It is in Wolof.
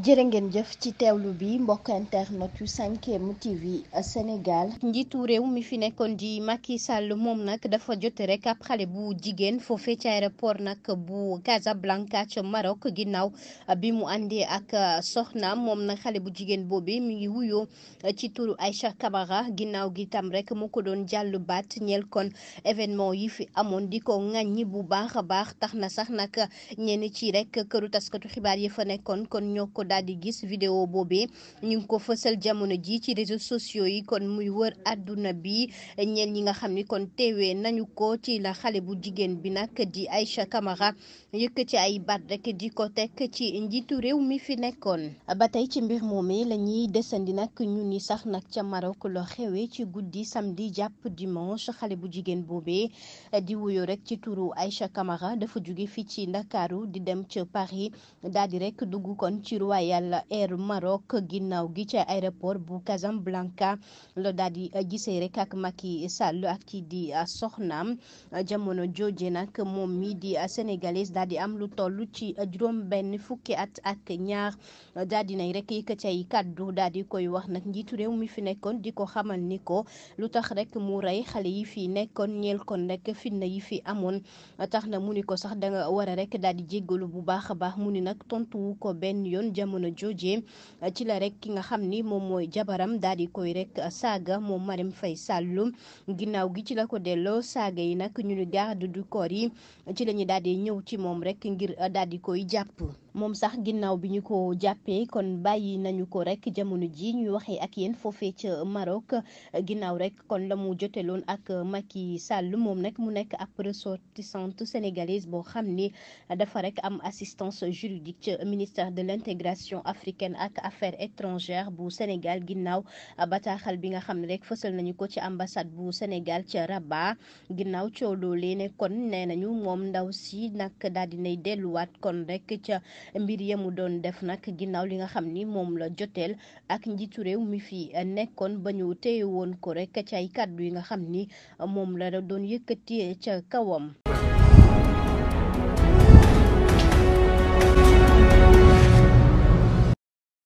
jërë ngeen jëf ci teewlu bi mbokk internet yu 5M TV Sénégal njiitu réew mi fi nekkoon di Macky Sall moom nag dafa jote rek ab xale bu jigéen foofee ci aéroport nag bu Casablanca ca Maroc ginnaaw bi mu àndee ak soxnaam moom nag xale bu jigéen boobi mi ngi wuyoo ci turu Aïcha Camara ginnaaw gi tam rek mu ko doon jàll baat ñeel kon événement yi fi amoon di ko ŋàññi bu baax a baax tax na sax nag ñenn ci rek këru taskatu xibaar yi fa nekkoon kon ñoo daal di gis vidéo boobe ñu ngi ko fësal jamono ji ci réseaux sociaux yi kon muy wër adduna bi ñeen ñi nga xam ni kon teewee nañu ko ci la xale bu jigéen bi nag di Aïcha Camara ci ay baat rekk di ko teg ci njiitu réew mi fi nekkoon ba tey ci mbir moomee la ñuy desandi nag ñu ni sax nag ca Maroc loo xewee ci guddi samedi jàpp dimanche xale bu jigéen boobee di wuyoo rek ci turu Aïcha Camara dafa jóge fii ci Ndakaaru di dem ca Paris daal di royal air Maroc ginnaaw gi ca aéroport bu Casablanca la daal di uh, gisee rek ak yi Sall ak ci di uh, soxnaam uh, jamono jooje nag moom mii di sénégalais daal di am lu toll ci juróom benn fukki at ak ñaar daal di nay rek yëkkati ay kàddu daal di koy wax nag njiitu réew mi fi nekkoon di ko xamal ni ko lu tax rek mu rey xale yi fi nekkoon ñeel kon rek fitna yi fi amoon tax na mu ni ko sax danga war a rek jéggalu bu baax a baax mu ni nag tontu jamono jooje ci la rek ki nga xam ni moom mooy jabaram daal di koy rek saaga moom Marème fay Sall ginnaaw gi ci la ko delloo saaga yi nag ñu ni garde du corps yi ci lañuy ñu ñëw ci moom rekk ngir daal koy jàpp. moom sax ginnaaw bi ñu ko jàppee kon bàyyi nañu ko rek jamono ji ñuy waxee ak yéen foofee ca Maroc ginnaaw rek kon la mu jotee joteloon ak Macky Sall moom nag mu nekk ab ressortissante sénégalaise boo xam ni dafa rek am assistance juridique ca ministère de l'intégration africaine ak affaires étrangères bu Sénégal ginnaaw bataaxal bi nga xam ne rek fësal nañu ko ci ambassade bu Sénégal ca Rabat ginnaaw coow loolee ne kon nee nañu moom ndaw si nag daal dinay delluwaat kon rek ca. mbir ya mu doon def nag ginnaaw li nga xam ni moom la joteel ak njiitu réew mi fi nekkoon ba ñu téye woon ko rekk ca ay kàddu yi nga xam ni moom la doon yëkkati ca kawam.